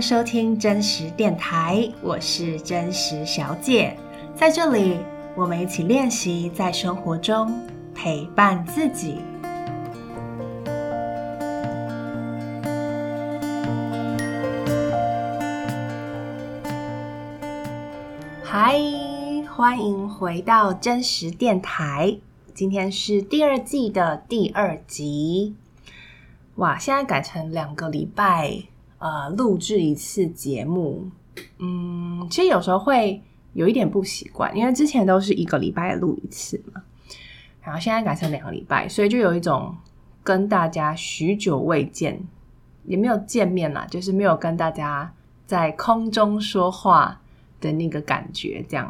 收聽真實電台，我是真實小姐。在這裡，我們一起練習在生活中陪伴自己。嗨，歡迎回到真實電台，今天是第二季的第二集。哇，現在改成兩個禮拜。呃，錄製一次節目，嗯，其實有時候會有一點不習慣，因為之前都是一個禮拜錄一次嘛，然後現在改成兩個禮拜，所以就有一種跟大家許久未見，也沒有見面啦，就是沒有跟大家在空中說話的那個感覺，這樣。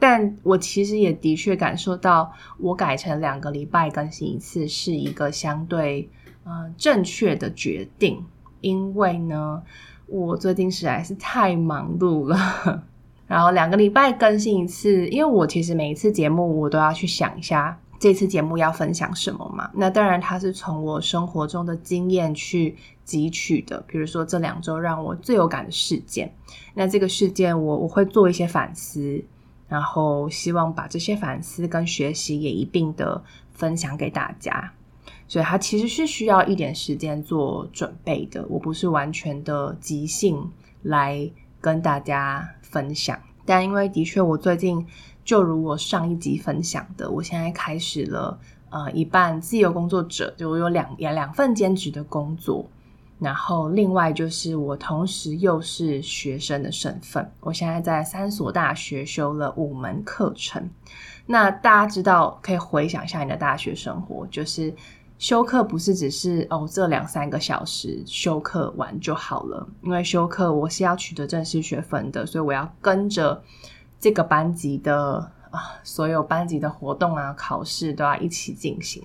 但我其實也的確感受到，我改成兩個禮拜更新一次是一個相對嗯，呃，正確的決定。因為呢，我最近實在是太忙碌了，然後兩個禮拜更新一次。因為我其實每一次節目，我都要去想一下這次節目要分享什麼嘛。那當然，它是從我生活中的經驗去汲取的，比如說這兩周讓我最有感的事件。那這個事件我，我我會做一些反思，然後希望把這些反思跟學習也一併的分享給大家。對，所以它其實是需要一點時間做準備的。我不是完全的即興來跟大家分享，但因為的確，我最近就如我上一集分享的，我現在開始了呃，一半自由工作者，就我有兩兩兩份兼職的工作，然後另外就是我同時又是學生的身份。我現在在三所大學修了五門課程。那大家知道，可以回想一下你的大學生活，就是。修課不是只是哦，這兩三個小時修課完就好了。因為修課我是要取得正式學分的，所以我要跟着這個班級的啊，所有班級的活動啊、考試都要一起進行。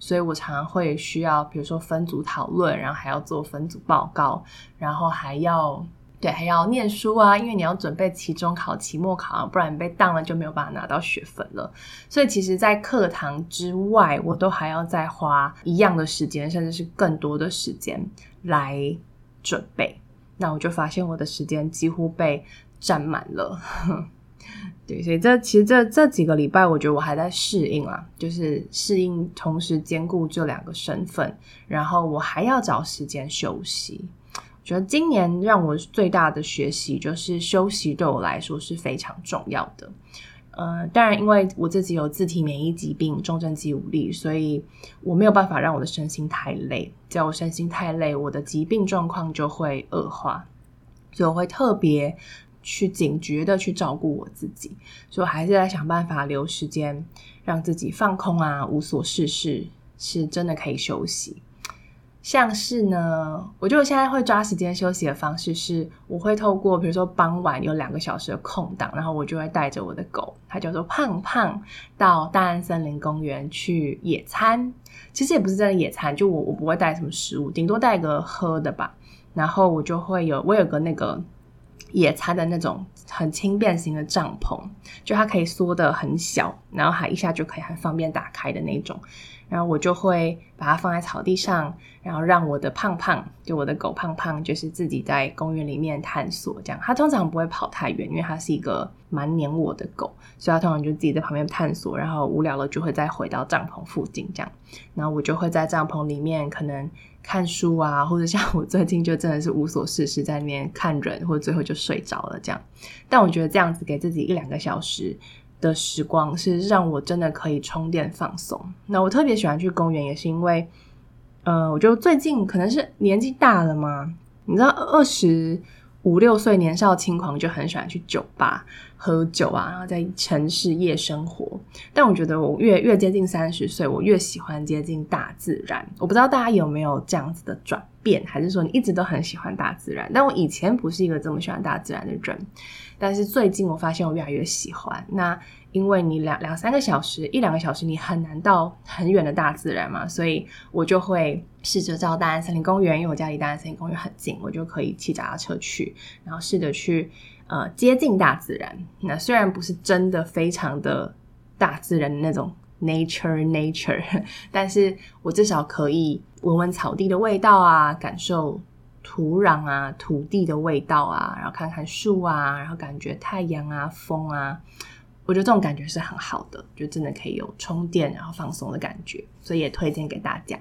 所以我常常會需要，比如說分組討論，然後還要做分組報告，然後還要。對，還要念書啊，因為你要準備期中考、期末考啊，不然你被當了就沒有辦法拿到學分了。所以其實，在課堂之外，我都還要再花一樣的時間，甚至是更多的時間來準備。那我就發現，我的時間幾乎被占滿了。 對，所以這其實這這幾個禮拜，我覺得我還在適應啊，就是適應同時兼顧這兩個身份，然後我還要找時間休息。覺得今年讓我最大的學習就是休息，對我來說是非常重要的。呃，當然，因為我自己有自體免疫疾病、重症肌無力，所以我沒有辦法讓我的身心太累。只要我身心太累，我的疾病狀況就會惡化，所以我會特別去警覺的去照顧我自己。所以我還是在想辦法留時間，讓自己放空啊，無所事事，是真的可以休息。像是呢，我就現在會抓時間休息的方式是，我會透過比如說傍晚有兩個小時的空檔，然後我就會帶着我的狗，它叫做胖胖，到大安森林公園去野餐。其實也不是真的野餐，就我我不會帶什麼食物，頂多帶個喝的吧。然後我就會有，我有個那個野餐的那種很輕便型的帳篷，就它可以縮得很小，然後還一下就可以很方便打開的那種。然後我就會把它放在草地上，然後讓我的胖胖，就我的狗胖胖，就是自己在公園裡面探索。這樣，它通常不會跑太遠，因為它是一個蠻黏我的狗，所以它通常就自己在旁邊探索。然後無聊了，就會再回到帳篷附近這樣。然後我就會在帳篷裡面可能看書啊，或者像我最近就真的是無所事事，在那邊看人，或者最後就睡着了這樣。但我覺得這樣子給自己一兩個小時。的時光是讓我真的可以充電放鬆。那我特別喜歡去公園，也是因為，呃，我就最近可能是年紀大了嘛，你知道，二十五六歲年少輕狂就很喜歡去酒吧喝酒啊，然後在城市夜生活。但我覺得我越越接近三十歲，我越喜歡接近大自然。我不知道大家有沒有這樣子的轉變，還是說你一直都很喜歡大自然？但我以前不是一個這麼喜歡大自然的人。但是最近我發現我越來越喜歡。那因為你兩兩三個小時，一兩個小時，你很難到很遠的大自然嘛，所以我就會試着到大安森林公園，因為我家離大安森林公園很近，我就可以騎腳踏車去，然後試着去呃接近大自然。那雖然不是真的非常的大自然的那種 nature nature，但是我至少可以聞聞草地的味道啊，感受。土壤啊，土地的味道啊，然後看看樹啊，然後感覺太陽啊，風啊，我覺得這種感覺是很好的，就真的可以有充電然後放鬆的感覺，所以也推薦給大家。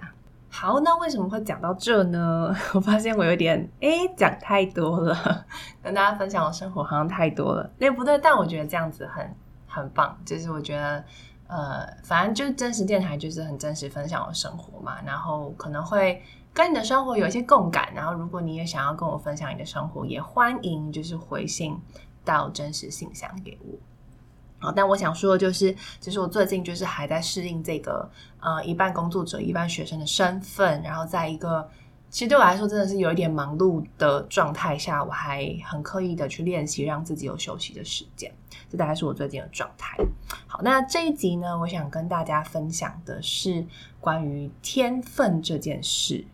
好，那為什麼會講到這呢？ 我發現我有點誒，講太多了， 跟大家分享我的生活好像太多了。誒，不對，但我覺得這樣子很很棒，就是我覺得呃，反正就是真實電台就是很真實分享我的生活嘛，然後可能會。跟你的生活有一些共感，然後如果你也想要跟我分享你的生活，也歡迎就是回信到真實信箱給我。好，但我想說的就是，其實我最近就是還在適應這個呃一半工作者一半學生的身份，然後在一個其實對我來說真的是有一點忙碌的狀態下，我還很刻意的去練習讓自己有休息的時間。這大概是我最近的狀態。好，那這一集呢，我想跟大家分享的是關於天分這件事。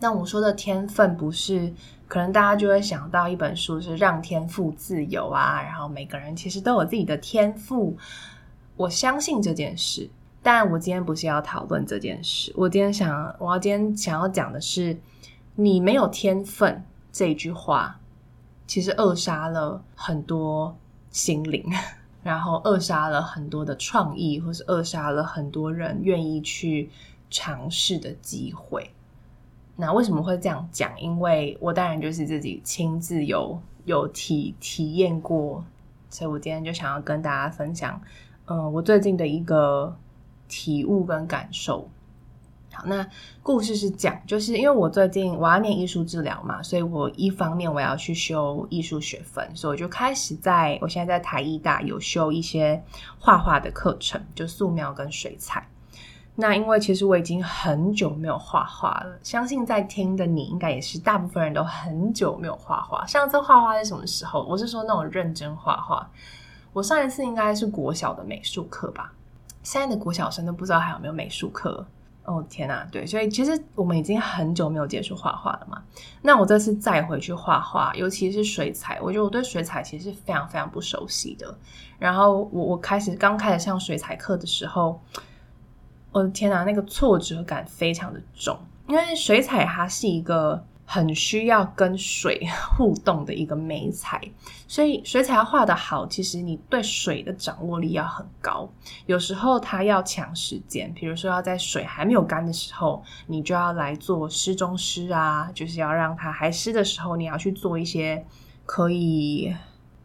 但我說的天分，不是，可能大家就會想到一本書，是讓天賦自由啊。然後每個人其實都有自己的天賦，我相信這件事。但我今天不是要討論這件事，我今天想，我要今天想要講的是，你沒有天分這一句話，其實扼殺了很多心靈，然後扼殺了很多的創意，或是扼殺了很多人願意去嘗試的機會。那為什麼會這樣講？因為我當然就是自己親自有有體體驗過所以我今天就想要跟大家分享，呃，我最近的一個體悟跟感受。好，那故事是講，就是因為我最近我要念藝術治療嘛，所以我一方面我要去修藝術學分，所以我就開始在，我現在在台藝大有修一些畫畫的課程，就素描跟水彩。那因為其實我已經很久沒有畫畫了，相信在聽的你應該也是大部分人都很久沒有畫畫。上次畫畫是什麼時候？我是說那種認真畫畫。我上一次應該是國小的美術課吧。現在的國小生都不知道還有沒有美術課。哦天哪啊，對，所以其實我們已經很久沒有接觸畫畫了嘛。那我這次再回去畫畫，尤其是水彩，我覺得我對水彩其實是非常非常不熟悉的。然後我我開始剛開始上水彩課的時候，我的天哪，那個挫折感非常的重，因為水彩它是一個很需要跟水互動的一個媒材，所以水彩畫得好，其實你對水的掌握力要很高。有時候它要搶時間，比如說要在水還沒有乾的時候，你就要來做濕中濕啊，就是要讓它還濕的時候，你要去做一些可以。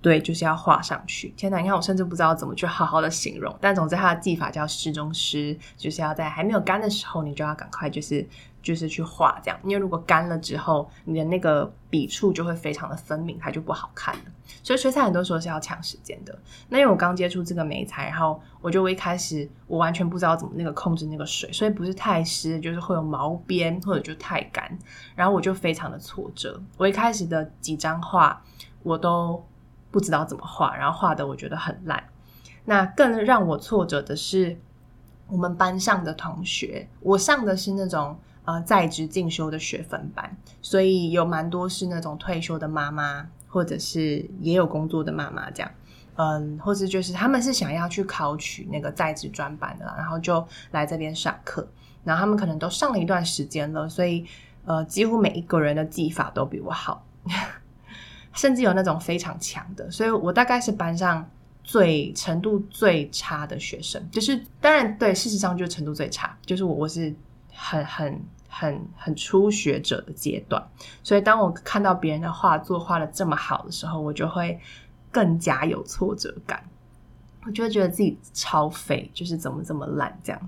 對，就是要畫上去。天吶，你看我甚至不知道怎麼去好好的形容。但總之，它的技法叫濕中濕，就是要在還沒有乾的時候，你就要趕快、就是，就是就是去畫這樣。因為如果乾了之後，你的那個筆觸就會非常的分明，它就不好看了。所以水彩很多時候是要搶時間的。那因為我剛接觸這個媒材，然後我就一開始我完全不知道怎麼那個控制那個水，所以不是太濕，就是會有毛邊，或者就太乾，然後我就非常的挫折。我一開始的幾張畫，我都。不知道怎麼畫，然後畫得我覺得很爛。那更讓我挫折的是，我們班上的同學，我上的是那種呃，在職進修的學分班，所以有蠻多是那種退休的媽媽，或者是也有工作的媽媽這樣，嗯，或是就是他們是想要去考取那個在職專班的，然後就來這邊上課。然後他們可能都上了一段時間了，所以呃，幾乎每一個人的技法都比我好。 甚至有那種非常強的，所以我大概是班上最程度最差的學生，就是當然對，事實上就是程度最差，就是我我是很很很很初學者的階段，所以當我看到別人的畫作畫得這麼好的時候，我就會更加有挫折感，我就會覺得自己超廢，就是怎麼怎麼爛這樣。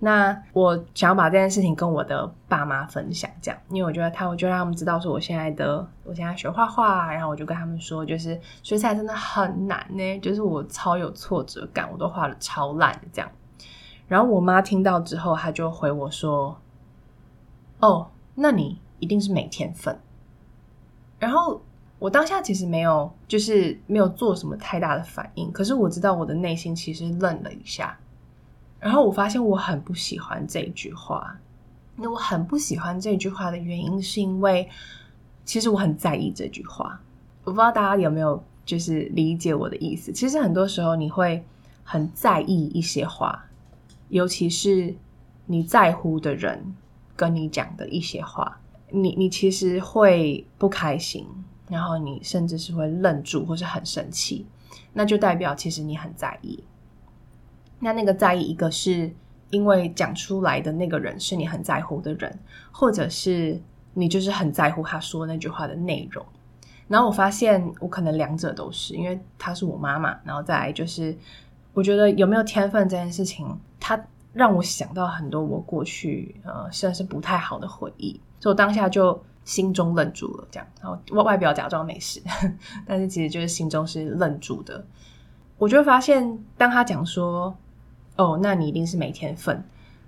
那我想要把這件事情跟我的爸媽分享，這樣，因為我覺得他，我就讓他們知道，說我現在的，我現在學畫畫、啊，然後我就跟他們說，就是學起來真的很難呢、欸，就是我超有挫折感，我都畫的超爛的這樣。然後我媽聽到之後，她就回我說：“哦，那你一定是沒天分。”然後我當下其實沒有，就是沒有做什麼太大的反應，可是我知道我的內心其實愣了一下。然後我發現我很不喜歡這句話，那我很不喜歡這句話的原因是因為，其實我很在意這句話。我不知道大家有沒有就是理解我的意思。其實很多時候你會很在意一些話，尤其是你在乎的人跟你講的一些話，你你其實會不開心，然後你甚至是會愣住或是很生氣，那就代表其實你很在意。那那個在意一個是因為講出來的那個人是你很在乎的人，或者是你就是很在乎他說那句話的內容，然後我發現我可能兩者都是，因為她是我媽媽，然後再來就是我覺得有沒有天分這件事情，它讓我想到很多我過去呃算是不太好的回憶，所以我當下就心中愣住了，這樣，然後外外表假裝沒事，但是其實就是心中是愣住的。我就發現當他講說。哦，那你一定是沒天分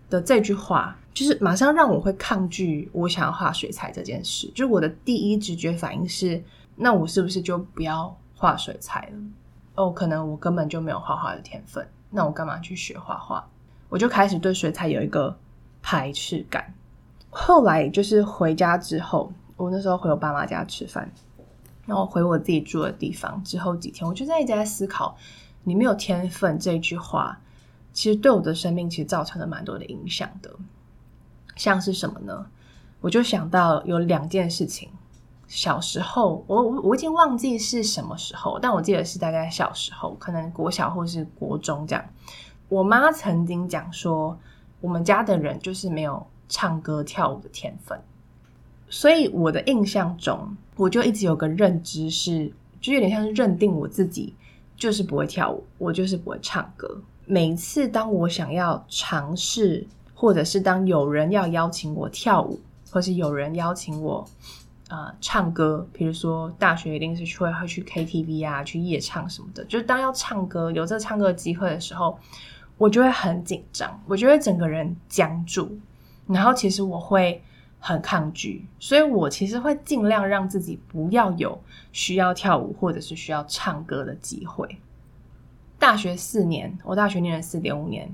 的。這句話就是馬上讓我會抗拒我想要畫水彩這件事。就是我的第一直覺反應是，那我是不是就不要畫水彩了？哦，可能我根本就沒有畫畫的天分，那我幹嘛去學畫畫？我就開始對水彩有一個排斥感。後來就是回家之後，我那時候回我爸媽家吃飯，然後回我自己住的地方之後幾天，我就在一直在思考“你沒有天分”這句話。其實對我的生命其實造成了蠻多的影響的，像是什麼呢？我就想到有兩件事情。小時候，我我已經忘記是什麼時候，但我記得是大概小時候，可能國小或是國中這樣。我媽曾經講說，我們家的人就是沒有唱歌跳舞的天分，所以我的印象中，我就一直有個認知是，就有點像是認定我自己就是不會跳舞，我就是不會唱歌。每一次當我想要嘗試，或者是當有人要邀請我跳舞，或是有人邀請我啊、呃、唱歌，比如說大學一定是會會去 KTV 啊，去夜唱什麼的，就是當要唱歌有這唱歌的機會的時候，我就會很緊張，我就會整個人僵住，然後其實我會很抗拒，所以我其實會盡量讓自己不要有需要跳舞或者是需要唱歌的機會。大學四年，我大學念了四點五年，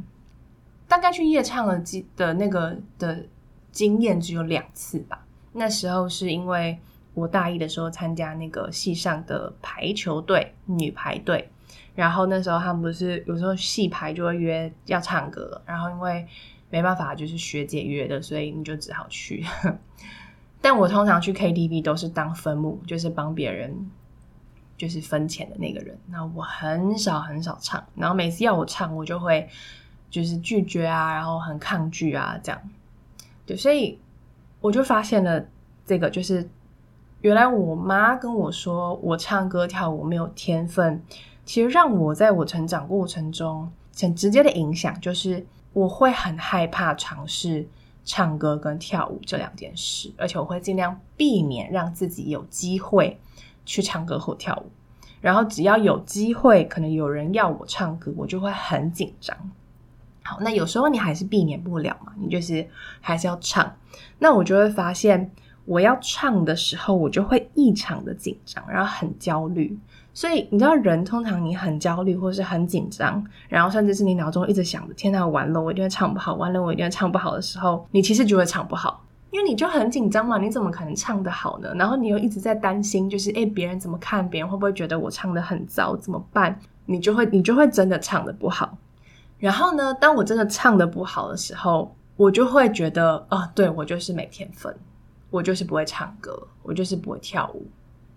大概去夜唱的經的那個的經驗只有兩次吧。那時候是因為我大一的時候參加那個系上的排球隊，女排隊，然後那時候他們不是有時候系排就會約要唱歌，然後因為沒辦法就是學姐約的，所以你就只好去。但我通常去 KTV 都是當分母，就是幫別人。就是分錢的那個人。那我很少很少唱，然後每次要我唱，我就會就是拒絕啊，然後很抗拒啊，這樣。對，所以我就發現了這個，就是原來我媽跟我說我唱歌跳舞沒有天分，其實讓我在我成長過程中很直接的影響就是我會很害怕嘗試唱歌跟跳舞這兩件事，而且我會盡量避免讓自己有機會去唱歌或跳舞，然後只要有機會，可能有人要我唱歌，我就會很緊張。好，那有時候你還是避免不了嘛，你就是還是要唱。那我就會發現，我要唱的時候，我就會異常的緊張，然後很焦慮。所以你知道，人通常你很焦慮或者是很緊張，然後甚至是你腦中一直想着“天吶，完了，我一定會唱不好，完了，我一定會唱不好的時候，你其實就會唱不好。因為你就很緊張嘛，你怎麼可能唱得好呢？然後你又一直在擔心，就是誒，別人怎麼看？別人會不會覺得我唱得很糟？怎麼辦？你就會你就會真的唱得不好。然後呢，當我真的唱得不好的時候，我就會覺得啊，對，我就是沒天分，我就是不會唱歌，我就是不會跳舞。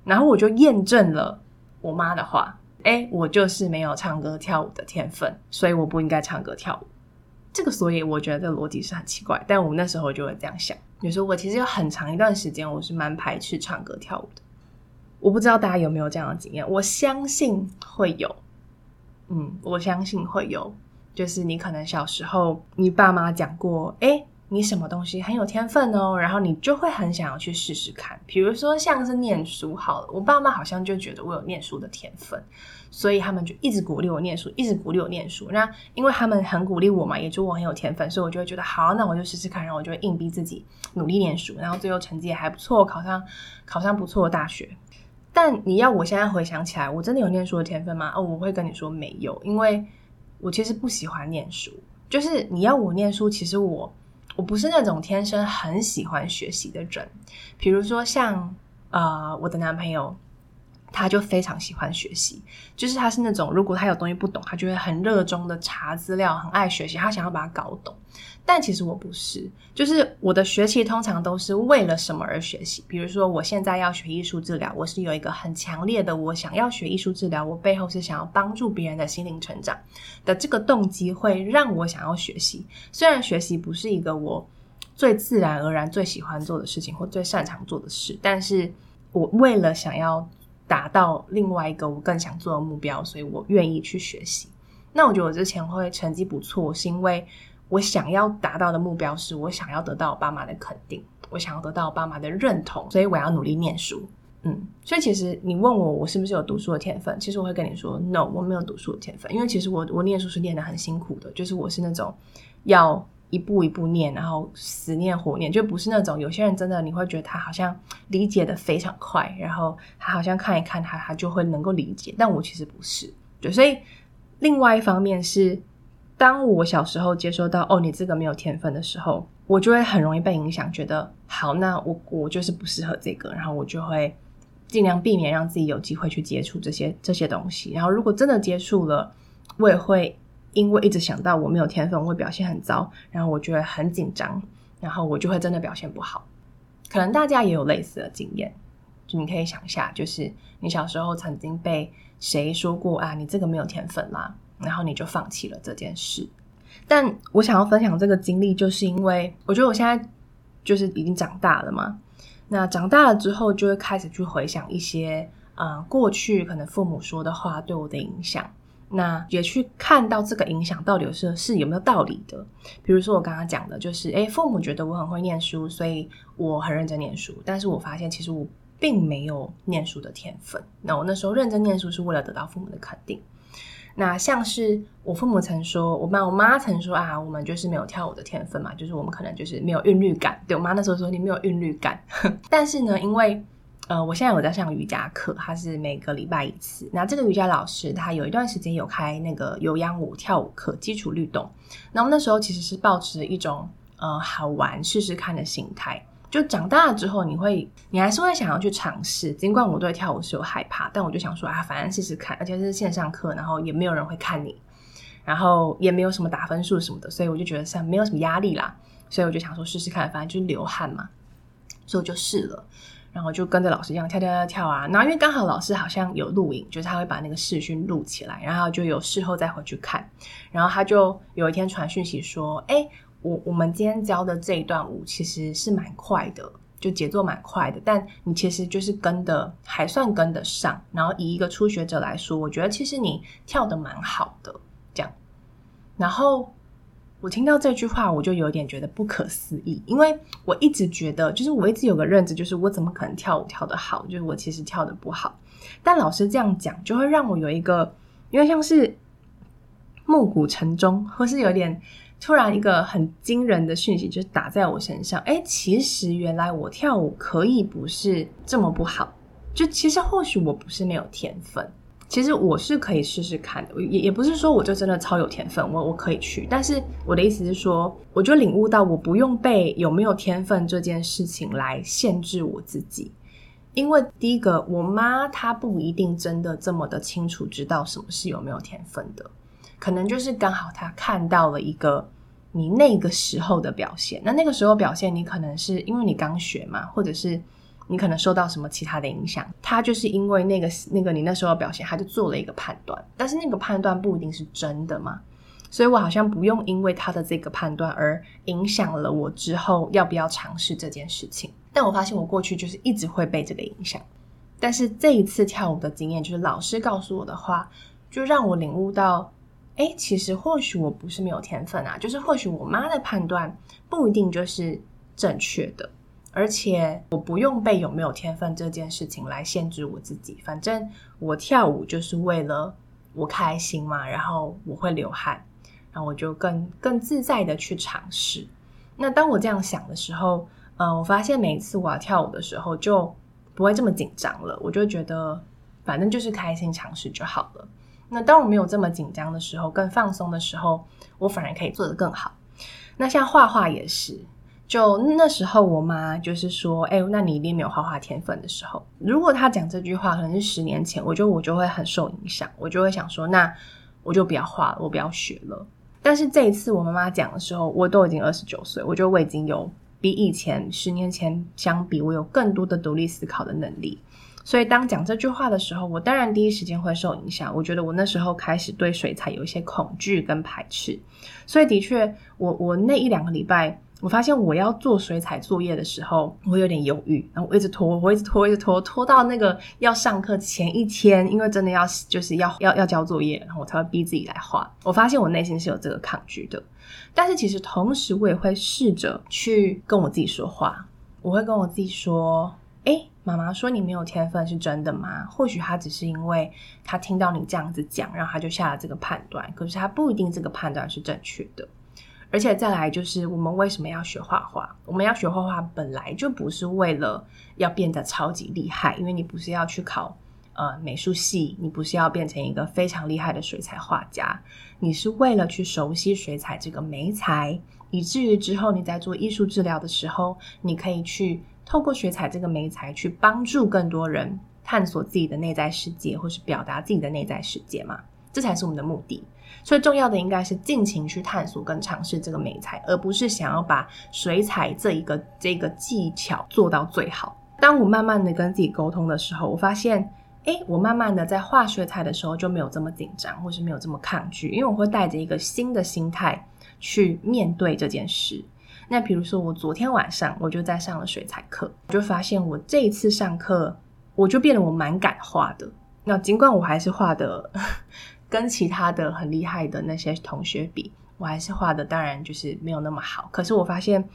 然後我就驗證了我媽的話，誒，我就是沒有唱歌跳舞的天分，所以我不應該唱歌跳舞。這個所以我覺得這個邏輯是很奇怪，但我們那時候就會這樣想。有時候我其實有很長一段時間，我是蠻排斥唱歌跳舞的。我不知道大家有沒有這樣的經驗，我相信會有。嗯，我相信會有。就是你可能小時候，你爸媽講過，誒你什麼東西很有天分哦，然後你就會很想要去試試看，比如說像是念書好了，我爸媽好像就覺得我有念書的天分，所以他們就一直鼓勵我念書，一直鼓勵我念書。那因為他們很鼓勵我嘛，也覺得我很有天分，所以我就會覺得好，那我就試試看，然後我就會硬逼自己努力念書，然後最後成績也還不錯，考上考上不錯的大學。但你要我現在回想起來，我真的有念書的天分嗎？哦，我會跟你說沒有，因為我其實不喜歡念書，就是你要我念書，其實我。我不是那種天生很喜歡學習的人，比如說像呃，我的男朋友。他就非常喜歡學習，就是他是那種，如果他有東西不懂，他就會很熱衷的查資料，很愛學習，他想要把它搞懂。但其實我不是，就是我的學習通常都是為了什麼而學習。比如說，我現在要學藝術治療，我是有一個很強烈的，我想要學藝術治療，我背後是想要幫助別人的心靈成長的這個動機會讓我想要學習。雖然學習不是一個我最自然而然最喜歡做的事情，或最擅長做的事，但是我為了想要。達到另外一個我更想做的目標，所以我願意去學習。那我覺得我之前會成績不錯，是因為我想要達到的目標是我想要得到我爸媽的肯定，我想要得到我爸媽的認同，所以我要努力念書。嗯，所以其實你問我，我是不是有讀書的天分，其實我會跟你說，no，我沒有讀書的天分，因為其實我我念書是念得很辛苦的，就是我是那種要。一步一步念，然後死念活念，就不是那種有些人真的你會覺得他好像理解得非常快，然後他好像看一看他他就會能夠理解。但我其實不是，對，所以另外一方面是，當我小時候接收到哦你這個沒有天分的時候，我就會很容易被影響，覺得好，那我我就是不適合這個，然後我就會盡量避免讓自己有機會去接觸這些這些東西。然後如果真的接觸了，我也會。因為一直想到我沒有天分，我會表現很糟，然後我覺得很緊張，然後我就會真的表現不好。可能大家也有類似的經驗，就你可以想一下，就是你小時候曾經被誰說過啊，你這個沒有天分啦，然後你就放棄了這件事。但我想要分享這個經歷，就是因為我覺得我現在就是已經長大了嘛。那長大了之後，就會開始去回想一些，呃，過去可能父母說的話對我的影響。那也去看到這個影響到底是是有沒有道理的。比如說我剛剛講的，就是哎、欸，父母覺得我很會念書，所以我很認真念書。但是我發現其實我並沒有念書的天分。那我那時候認真念書是為了得到父母的肯定。那像是我父母曾說，我爸我媽曾說啊，我們就是沒有跳舞的天分嘛，就是我們可能就是沒有韻律感。對，我媽那時候說，你沒有韻律感， 但是呢，因為。呃，我現在有在上瑜伽課，它是每個禮拜一次。那這個瑜伽老師，他有一段時間有開那個有氧舞跳舞課，基礎律動。那我們那時候其實是抱持一種呃好玩試試看的心態。就長大了之後，你會你還是會想要去嘗試，儘管我對跳舞是有害怕，但我就想說啊，反正試試看，而且是線上課，然後也沒有人會看你，然後也沒有什麼打分數什麼的，所以我就覺得像沒有什麼壓力啦，所以我就想說試試看，反正就流汗嘛，所以我就試了。然後就跟着老師一樣跳跳跳跳啊！然後因為剛好老師好像有錄影，就是他會把那個視訊錄起來，然後就有事後再回去看。然後他就有一天傳訊息說：“哎、欸，我我們今天教的這一段舞其實是蠻快的，就節奏蠻快的，但你其實就是跟得還算跟得上。然後以一個初學者來說，我覺得其實你跳得蠻好的這樣。”然後。我聽到這句話，我就有點覺得不可思議，因為我一直覺得，就是我一直有個認知，就是我怎麼可能跳舞跳得好？就是我其實跳得不好。但老師這樣講，就會讓我有一個，因為像是暮鼓晨鐘，或是有點突然一個很驚人的訊息，就是打在我身上。哎、欸，其實原來我跳舞可以不是這麼不好，就其實或許我不是沒有天分。其實我是可以試試看的，也也不是說我就真的超有天分，我我可以去。但是我的意思是說，我就領悟到我不用被有沒有天分這件事情來限制我自己。因為第一個，我媽她不一定真的這麼的清楚知道什麼是有沒有天分的，可能就是剛好她看到了一個你那個時候的表現。那那個時候表現，你可能是因為你剛學嘛，或者是。你可能受到什麼其他的影響，他就是因為那個那個你那時候的表現，他就做了一個判斷，但是那個判斷不一定是真的嘛。所以我好像不用因為他的這個判斷而影響了我之後要不要嘗試這件事情。但我發現我過去就是一直會被這個影響，但是這一次跳舞的經驗，就是老師告訴我的話，就讓我領悟到，欸，其實或許我不是沒有天分啊，就是或許我媽的判斷不一定就是正確的。而且我不用被有沒有天分這件事情來限制我自己，反正我跳舞就是為了我開心嘛，然後我會流汗，然後我就更更自在的去嘗試。那當我這樣想的時候，呃，我發現每一次我要跳舞的時候就不會這麼緊張了，我就覺得反正就是開心嘗試就好了。那當我沒有這麼緊張的時候，更放鬆的時候，我反而可以做得更好。那像畫畫也是。就那時候，我媽就是說：“哎，那你一定沒有畫畫天分。”的時候，如果她講這句話，可能是十年前，我覺得我就會很受影響，我就會想說：“那我就不要畫了，我不要學了。”但是這一次，我媽媽講的時候，我都已經二十九歲，我覺得我已經有比以前十年前相比，我有更多的獨立思考的能力。所以，當講這句話的時候，我當然第一時間會受影響。我覺得我那時候開始對水彩有一些恐懼跟排斥。所以，的確，我我那一兩個禮拜。我發現我要做水彩作業的時候，我會有點猶豫，然後我一直拖，我一直拖，我一直拖，拖到那個要上課前一天，因為真的要就是要要要交作業，然後我才會逼自己來畫。我發現我內心是有這個抗拒的，但是其實同時我也會試着去跟我自己說話，我會跟我自己說：“哎，媽媽說你沒有天分是真的嗎？或許她只是因為她聽到你這樣子講，然後她就下了這個判斷，可是她不一定這個判斷是正確的。”而且再來就是，我們為什麼要學畫畫？我們要學畫畫，本來就不是為了要變得超級厲害，因為你不是要去考呃美術系，你不是要變成一個非常厲害的水彩畫家，你是為了去熟悉水彩這個媒材，以至於之後你在做藝術治療的時候，你可以去透過水彩這個媒材去幫助更多人探索自己的內在世界，或是表達自己的內在世界嘛？這才是我們的目的。最重要的應該是盡情去探索跟嘗試這個媒材，而不是想要把水彩這一個這個技巧做到最好。當我慢慢的跟自己溝通的時候，我發現，誒、欸，我慢慢的在畫水彩的時候就沒有這麼緊張，或是沒有這麼抗拒，因為我會帶着一個新的心態去面對這件事。那比如說，我昨天晚上我就在上了水彩課，我就發現我這一次上課，我就變得我蠻敢畫的。那儘管我還是畫的。 跟其他的很厲害的那些同學比，我還是畫的當然就是沒有那麼好。可是我發現，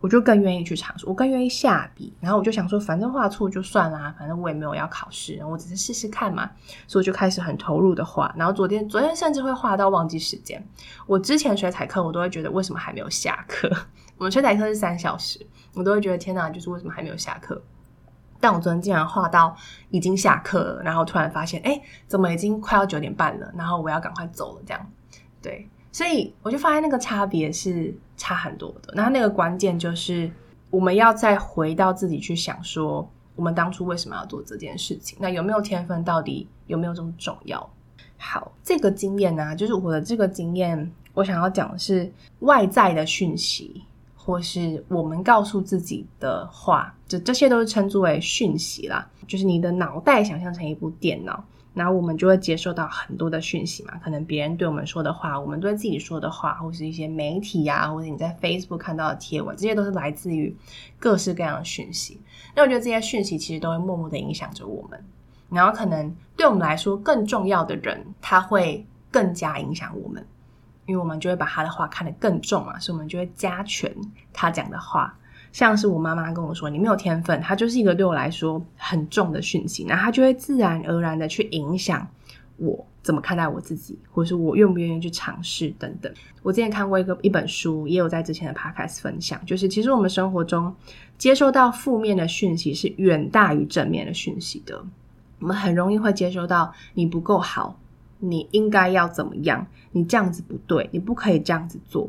我就更願意去嘗試，我更願意下筆。然後我就想說，反正畫錯就算啦，啊，反正我也沒有要考試，我只是試試看嘛。所以我就開始很投入的畫。然後昨天，昨天甚至會畫到忘記時間。我之前水彩課，我都會覺得為什麼還沒有下課？我們水彩課是三小時，我都會覺得天哪，就是為什麼還沒有下課？但我昨天竟然畫到已經下課了，然後突然發現，哎、欸，怎麼已經快要九點半了？然後我要趕快走了，這樣，對，所以我就發現那個差別是差很多的。那那個關鍵就是，我們要再回到自己去想說，我們當初為什麼要做這件事情？那有沒有天分，到底有沒有這麼重要？好，這個經驗呢、啊，就是我的這個經驗，我想要講的是外在的訊息。或是我們告訴自己的話，這這些都是稱之為訊息啦。就是你的腦袋想象成一部電腦，那我們就會接受到很多的訊息嘛。可能別人對我們說的話，我們對自己說的話，或是一些媒體呀、啊，或者你在 Facebook 看到的貼文，這些都是來自於各式各樣的訊息。那我覺得這些訊息其實都會默默的影響着我們。然後可能對我們來說更重要的人，他會更加影響我們。因為我們就會把他的話看得更重嘛，所以我們就會加權他講的話。像是我媽媽跟我說“你沒有天分”，他就是一個對我來說很重的訊息，然後他就會自然而然的去影響我怎麼看待我自己，或者是我願不願意去嘗試等等。我之前看過一個一本書，也有在之前的 Podcast 分享，就是其實我們生活中接收到負面的訊息是遠大於正面的訊息的。我們很容易會接收到“你不夠好”。你應該要怎麼樣？你這樣子不對，你不可以這樣子做。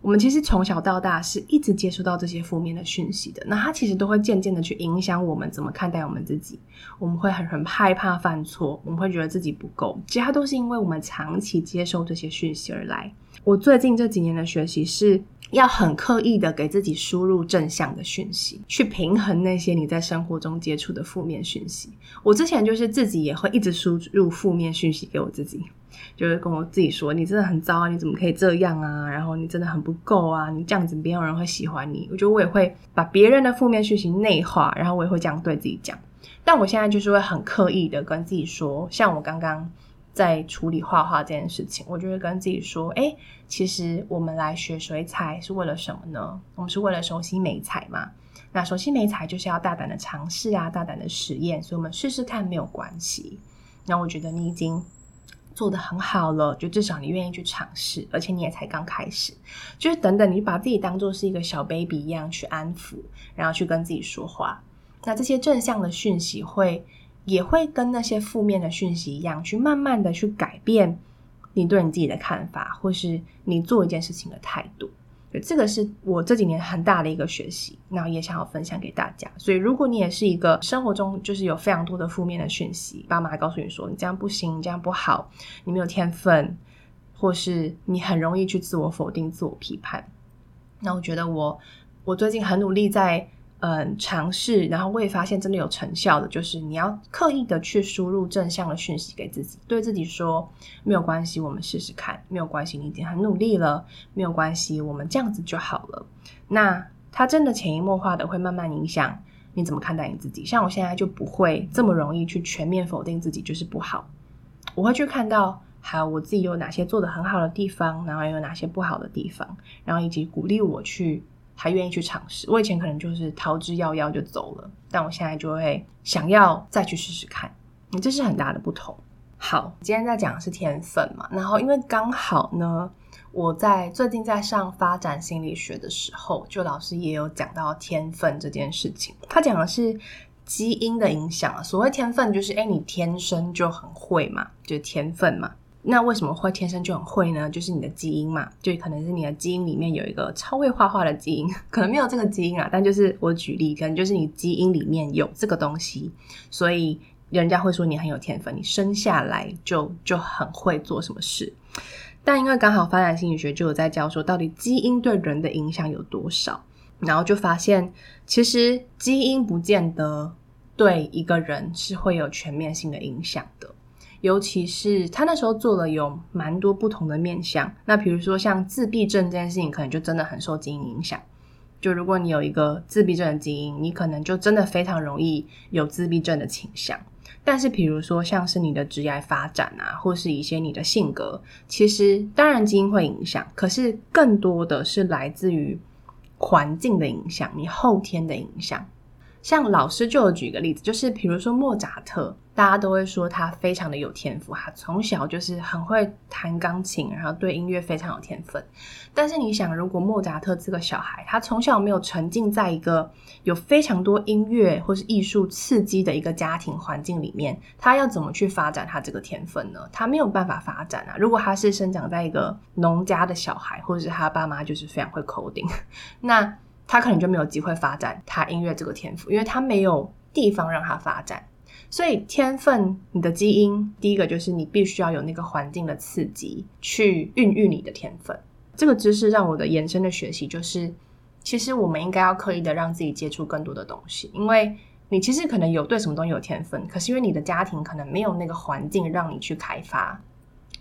我們其實從小到大是一直接受到這些負面的訊息的，那它其實都會漸漸的去影響我們怎麼看待我們自己。我們會很很害怕犯錯，我們會覺得自己不夠，其實它都是因為我們長期接受這些訊息而來。我最近這幾年的學習是，要很刻意的給自己輸入正向的訊息，去平衡那些你在生活中接觸的負面訊息。我之前就是自己也會一直輸入負面訊息給我自己，就是跟我自己說：“你真的很糟啊，你怎麼可以這樣啊？然後你真的很不夠啊，你這樣子沒有人會喜歡你。”我覺得我也會把別人的負面訊息內化，然後我也會這樣對自己講。但我現在就是會很刻意的跟自己說，像我剛剛，在處理畫畫這件事情，我就會跟自己說：“哎、欸，其實我們來學水彩是為了什麼呢？我們是為了熟悉媒材嘛。那熟悉媒材就是要大膽的嘗試啊，大膽的實驗。所以，我們試試看沒有關係。那我覺得你已經做得很好了，就至少你願意去嘗試，而且你也才剛開始。就是等等，你把自己當做是一個小 baby 一樣去安撫，然後去跟自己說話。那這些正向的訊息會。”也會跟那些負面的訊息一樣，去慢慢的去改變你對你自己的看法，或是你做一件事情的態度。這個是我這幾年很大的一個學習，那我也想要分享給大家。所以，如果你也是一個生活中就是有非常多的負面的訊息，爸媽告訴你說你這樣不行，你這樣不好，你沒有天分，或是你很容易去自我否定、自我批判，那我覺得我我最近很努力在。嗯，嘗試，然後我也發現真的有成效的，就是你要刻意的去輸入正向的訊息給自己，對自己說沒有關係，我們試試看，沒有關係，你已經很努力了，沒有關係，我們這樣子就好了。那他真的潛移默化的會慢慢影響你怎麼看待你自己。像我現在就不會這麼容易去全面否定自己，就是不好。我會去看到，還有我自己有哪些做得很好的地方，然後有哪些不好的地方，然後以及鼓勵我去，他願意去嘗試，我以前可能就是逃之夭夭就走了，但我現在就會想要再去試試看，你這是很大的不同。好，今天在講的是天分嘛，然後因為剛好呢，我在最近在上發展心理學的時候，就老師也有講到天分這件事情，他講的是基因的影響。所謂天分就是，誒、欸，你天生就很會嘛，就是天分嘛。那為什麼會天生就很會呢？就是你的基因嘛，就可能是你的基因裡面有一個超會畫畫的基因，可能沒有這個基因啊，但就是我舉例，可能就是你基因裡面有這個東西，所以人家會說你很有天分，你生下來就就很會做什麼事。但因為剛好發展心理學就有在教說，到底基因對人的影響有多少，然後就發現其實基因不見得對一個人是會有全面性的影響的。尤其是他那時候做了有蠻多不同的面向，那比如說像自閉症這件事情，可能就真的很受基因影響。就如果你有一個自閉症的基因，你可能就真的非常容易有自閉症的傾向。但是比如說像是你的職業發展啊，或是一些你的性格，其實當然基因會影響，可是更多的是來自於環境的影響，你後天的影響。像老師就有舉個例子，就是比如說莫扎特，大家都會說他非常的有天賦，他從小就是很會彈鋼琴，然後對音樂非常有天分。但是你想，如果莫扎特這個小孩，他從小沒有沉浸在一個有非常多音樂或是藝術刺激的一個家庭環境裡面，他要怎麼去發展他這個天分呢？他沒有辦法發展啊！如果他是生長在一個農家的小孩，或者是他爸媽就是非常會 coding，那。他可能就沒有機會發展他音樂這個天賦，因為他沒有地方讓他發展。所以天分，你的基因，第一個就是你必須要有那個環境的刺激去孕育你的天分。這個知識讓我的延伸的學習就是，其實我們應該要刻意的讓自己接觸更多的東西，因為你其實可能有對什麼東西有天分，可是因為你的家庭可能沒有那個環境讓你去開發。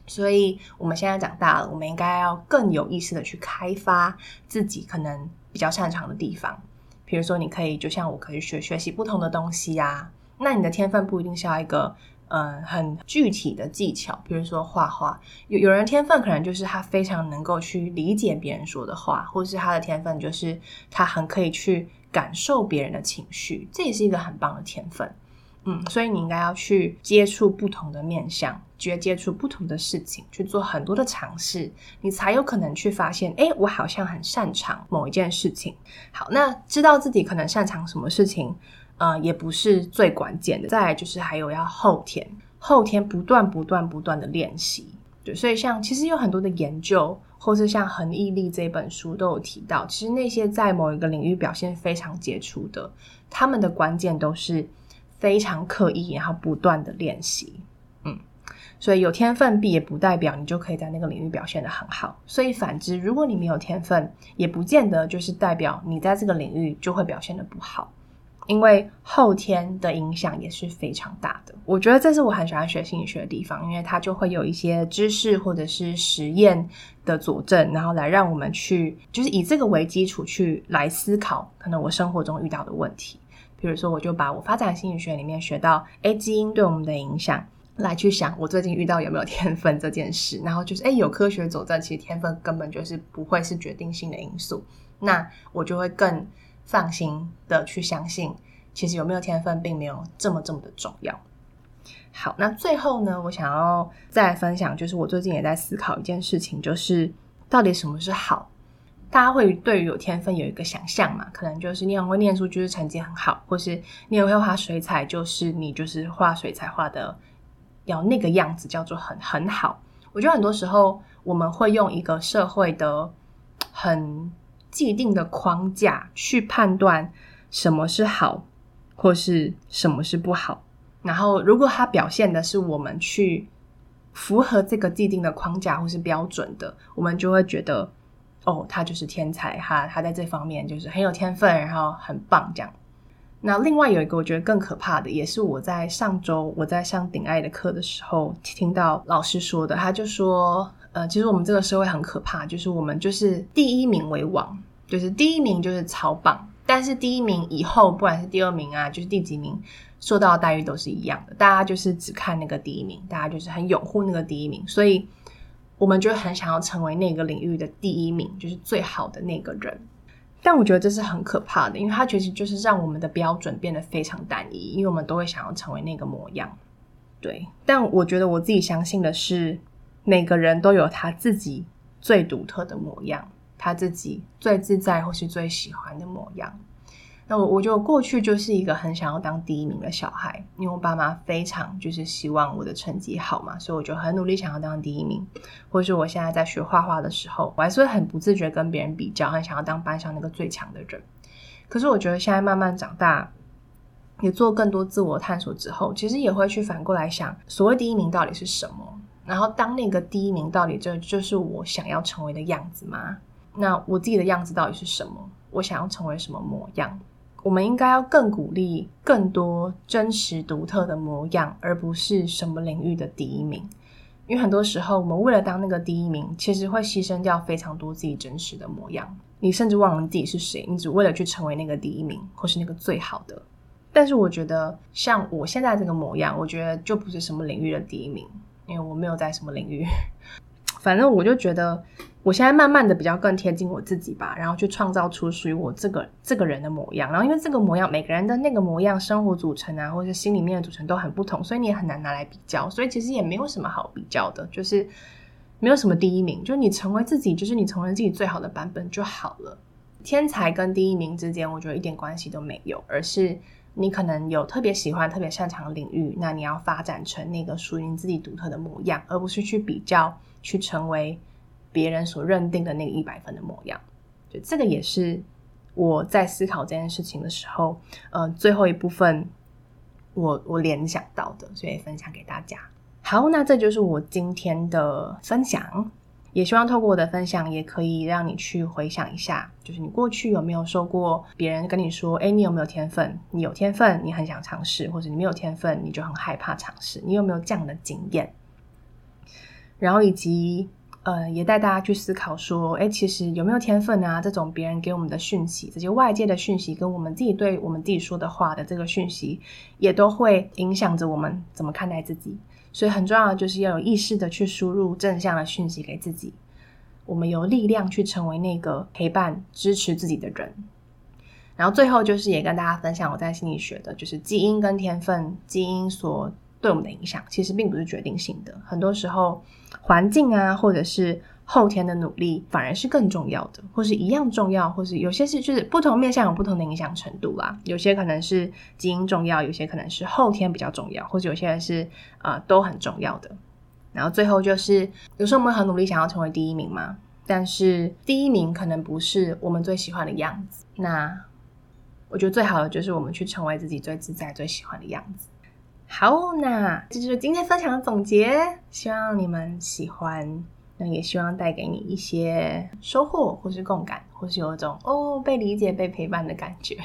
所以我們現在長大了，我們應該要更有意識的去開發自己可能，比較擅長的地方，比如說，你可以就像我可以學學習不同的東西啊。那你的天分，不一定需要一個嗯、呃、很具體的技巧，比如說畫畫。有有人的天分可能就是他非常能夠去理解別人說的話，或是他的天分就是他很可以去感受別人的情緒，這也是一個很棒的天分。嗯，所以你應該要去接觸不同的面向，去接觸不同的事情，去做很多的嘗試，你才有可能去發現，誒，我好像很擅長某一件事情。好，那知道自己可能擅長什麼事情，呃，也不是最關鍵的。再來就是還有要後天，後天不斷、不斷、不斷的練習。對，所以像其實有很多的研究，或是像《恆毅力》這本書都有提到，其實那些在某一個領域表現非常傑出的，他們的關鍵都是。非常刻意，然後不斷的練習，嗯，所以有天分必也不代表你就可以在那個領域表現得很好。所以反之，如果你沒有天分，也不見得就是代表你在這個領域就會表現得不好，因為後天的影響也是非常大的。我覺得這是我很喜歡學心理學的地方，因為它就會有一些知識或者是實驗的佐證，然後來讓我們去，就是以這個為基礎去來思考可能我生活中遇到的問題。比如說，我就把我發展心理學裡面學到，哎，基因對我們的影響，來去想我最近遇到有沒有天分這件事，然後就是，哎、欸，有科學佐證，其實天分根本就是不會是決定性的因素，那我就會更放心的去相信，其實有沒有天分並沒有這麼這麼的重要。好，那最後呢，我想要再分享，就是我最近也在思考一件事情，就是到底什麼是好？大家會對於有天分有一個想象嘛，可能就是你很會念書，就是成績很好，或是你很會畫水彩，就是你就是畫水彩畫的要那個樣子，叫做很很好。我覺得很多時候我們會用一個社會的很既定的框架去判斷什麼是好，或是什麼是不好。然後如果它表現的是我們去符合這個既定的框架或是標準的，我們就會覺得。哦，他就是天才，他他在這方面就是很有天分，然後很棒這樣。那另外有一個我覺得更可怕的，也是我在上周我在上頂愛的課的時候聽到老師說的，他就說，呃，其實我們這個社會很可怕，就是我們就是第一名為王，就是第一名就是超棒，但是第一名以後不管是第二名啊，就是第幾名受到的待遇都是一樣的，大家就是只看那個第一名，大家就是很擁護那個第一名，所以。我們就很想要成為那個領域的第一名，就是最好的那個人。但我覺得這是很可怕的，因為它其實就是讓我們的標準變得非常單一，因為我們都會想要成為那個模樣。對，但我覺得我自己相信的是，每個人都有他自己最獨特的模樣，他自己最自在或是最喜歡的模樣。那我我就過去就是一個很想要當第一名的小孩，因為我爸媽非常就是希望我的成績好嘛，所以我就很努力想要當第一名。或者是我現在在學畫畫的時候，我還是會很不自覺跟別人比較，很想要當班上那個最強的人。可是我覺得現在慢慢長大，也做更多自我探索之後，其實也會去反過來想，所謂第一名到底是什麼？然後當那個第一名到底這就是我想要成為的樣子嗎？那我自己的樣子到底是什麼？我想要成為什麼模樣？我們應該要更鼓勵更多真實獨特的模樣，而不是什麼領域的第一名。因為很多時候，我們為了當那個第一名，其實會犧牲掉非常多自己真實的模樣。你甚至忘了自己是誰，你只為了去成為那個第一名或是那個最好的。但是我覺得，像我現在這個模樣，我覺得就不是什麼領域的第一名，因為我沒有在什麼領域。反正我就覺得。我現在慢慢的比較更貼近我自己吧，然後去創造出屬於我這個這個人的模樣。然後因為這個模樣，每個人的那個模樣、生活組成啊，或者是心裡面的組成都很不同，所以你也很難拿來比較。所以其實也沒有什麼好比較的，就是沒有什麼第一名。就是你成為自己，就是你成為自己最好的版本就好了。天才跟第一名之間，我覺得一點關係都沒有。而是你可能有特別喜歡、特別擅長的領域，那你要發展成那個屬於你自己獨特的模樣，而不是去比較，去成為。別人所認定的那個一百分的模樣，就這個也是我在思考這件事情的時候，呃，最後一部分我我聯想到的，所以分享給大家。好，那這就是我今天的分享，也希望透過我的分享，也可以讓你去回想一下，就是你過去有沒有受過別人跟你說：“哎，你有沒有天分？你有天分，你很想嘗試；或者你沒有天分，你就很害怕嘗試。”你有沒有這樣的經驗？然後以及。呃，也帶大家去思考說，哎、欸，其實有沒有天分啊？這種別人給我們的訊息，這些外界的訊息，跟我們自己對我們自己說的話的這個訊息，也都會影響着我們怎麼看待自己。所以很重要的就是要有意識的去輸入正向的訊息給自己。我們有力量去成為那個陪伴、支持自己的人。然後最後就是也跟大家分享我在心理學的，就是基因跟天分，基因所。對我們的影響其實並不是決定性的，很多時候環境啊，或者是後天的努力反而是更重要的，或是一樣重要，或是有些是就是不同面向有不同的影響程度啦。有些可能是基因重要，有些可能是後天比較重要，或者有些人是啊、呃、都很重要的。然後最後就是，有時候我們很努力想要成為第一名嘛，但是第一名可能不是我們最喜歡的樣子。那我覺得最好的就是我們去成為自己最自在、最喜歡的樣子。好，那這就是今天分享的總結，希望你們喜歡，那也希望帶給你一些收穫，或是共感，或是有一種哦被理解、被陪伴的感覺。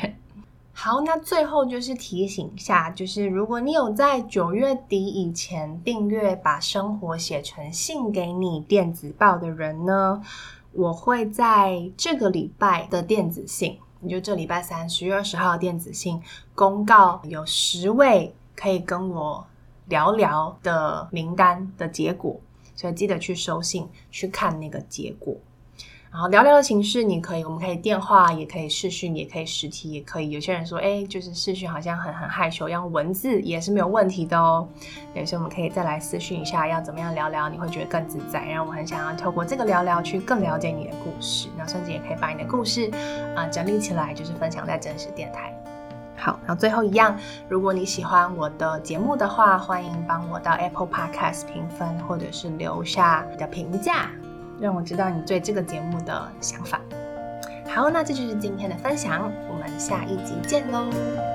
好，那最後就是提醒一下，就是如果你有在九月底以前訂閱《把生活寫成信給你》電子報的人呢，我會在這個禮拜的電子信，你就這禮拜三，十月二十號的電子信公告有十位。可以跟我聊聊的名單的結果，所以記得去收信去看那個結果。然後聊聊的形式，你可以，我們可以電話，也可以視訊，也可以實體，也可以。有些人說，哎，就是視訊好像很很害羞，然後文字也是沒有問題的哦。所以我們可以再來私訊一下，要怎麼樣聊聊你會覺得更自在。然後我很想要透過這個聊聊去更了解你的故事，然後甚至也可以把你的故事啊、呃、整理起來，就是分享在真實電台。好，那最後一樣，如果你喜歡我的節目的話，歡迎幫我到 Apple Podcast 評分，或者是留下你的評價，讓我知道你對這個節目的想法。好，那這就是今天的分享，我們下一集見嘍。